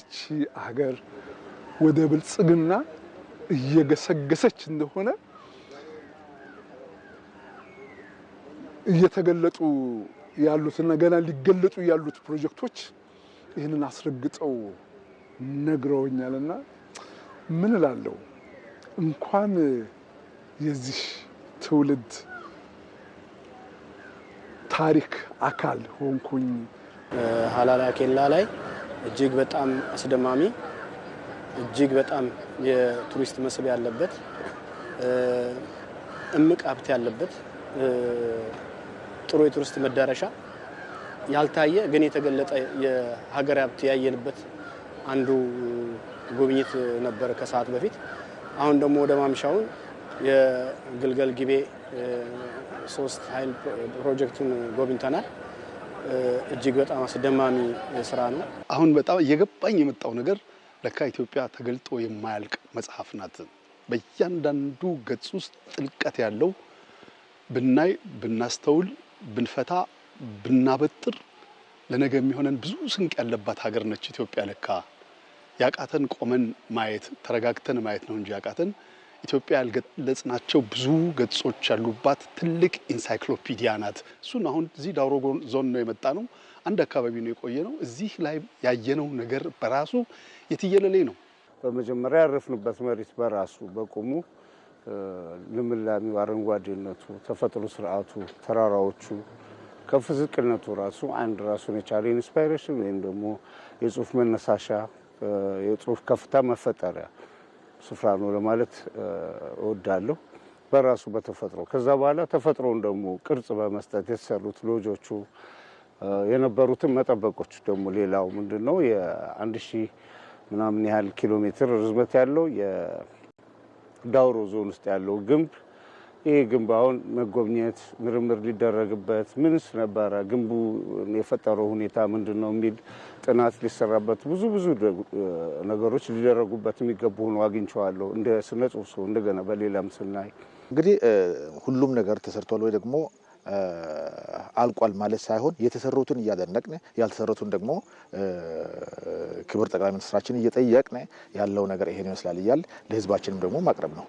እቺ አገር ወደ ብልጽግና እየገሰገሰች እንደሆነ እየተገለጡ ያሉትና ገና ሊገለጡ ያሉት ፕሮጀክቶች ይህንን አስረግጠው ነግረውኛልና ምን እላለሁ እንኳን የዚህ ትውልድ ታሪክ አካል ሆንኩኝ። ሀላላ ኬላ ላይ እጅግ በጣም አስደማሚ እጅግ በጣም የቱሪስት መስህብ ያለበት እምቅ ሀብት ያለበት ጥሩ የቱሪስት መዳረሻ ያልታየ ግን የተገለጠ የሀገር ሀብት ያየንበት አንዱ ጉብኝት ነበር ከሰዓት በፊት። አሁን ደግሞ ወደ ማምሻውን የግልገል ጊቤ ሶስት ኃይል ፕሮጀክቱን ጎብኝተናል። እጅግ በጣም አስደማሚ ስራ ነው። አሁን በጣም እየገባኝ የመጣው ነገር ለካ ኢትዮጵያ ተገልጦ የማያልቅ መጽሐፍ ናት። በእያንዳንዱ ገጽ ውስጥ ጥልቀት ያለው ብናይ፣ ብናስተውል፣ ብንፈታ፣ ብናበጥር ለነገ የሚሆነን ብዙ ስንቅ ያለባት ሀገር ነች ኢትዮጵያ። ለካ ያቃተን ቆመን ማየት ተረጋግተን ማየት ነው እንጂ ያቃተን ኢትዮጵያ ያልገለጽናቸው ብዙ ገጾች ያሉባት ትልቅ ኢንሳይክሎፒዲያ ናት። እሱን አሁን እዚህ ዳውሮ ዞን ነው የመጣ ነው። አንድ አካባቢ ነው የቆየ ነው። እዚህ ላይ ያየነው ነገር በራሱ የትየለሌ ነው። በመጀመሪያ ያረፍንበት መሬት በራሱ በቁሙ ልምላሚው፣ አረንጓዴነቱ፣ ተፈጥሮ ስርዓቱ፣ ተራራዎቹ ከፍ ዝቅነቱ ራሱ አንድ ራሱን የቻለ ኢንስፓይሬሽን ወይም ደግሞ የጽሁፍ መነሳሻ የጽሁፍ ከፍታ መፈጠሪያ ስፍራ ነው ለማለት እወዳለሁ። በራሱ በተፈጥሮ ከዛ በኋላ ተፈጥሮውን ደግሞ ቅርጽ በመስጠት የተሰሩት ሎጆቹ የነበሩትን መጠበቆች ደግሞ ሌላው ምንድን ነው የአንድ ሺህ ምናምን ያህል ኪሎ ሜትር ርዝመት ያለው የዳውሮ ዞን ውስጥ ያለው ግንብ ይህ ግንብ አሁን መጎብኘት ምርምር ሊደረግበት ምንስ ነበረ ግንቡ የፈጠረው ሁኔታ ምንድን ነው የሚል ጥናት ሊሰራበት ብዙ ብዙ ነገሮች ሊደረጉበት የሚገቡ ሆኖ አግኝቸዋለሁ። እንደ ስነ ጽሁፍ ሰው እንደገና በሌላም ስናይ እንግዲህ ሁሉም ነገር ተሰርቷል ወይ ደግሞ አልቋል ማለት ሳይሆን የተሰሩትን እያደነቅን ያልተሰሩትን ደግሞ ክብር ጠቅላይ ሚኒስትራችን እየጠየቅን ያለው ነገር ይሄን ይመስላል እያል ለህዝባችንም ደግሞ ማቅረብ ነው።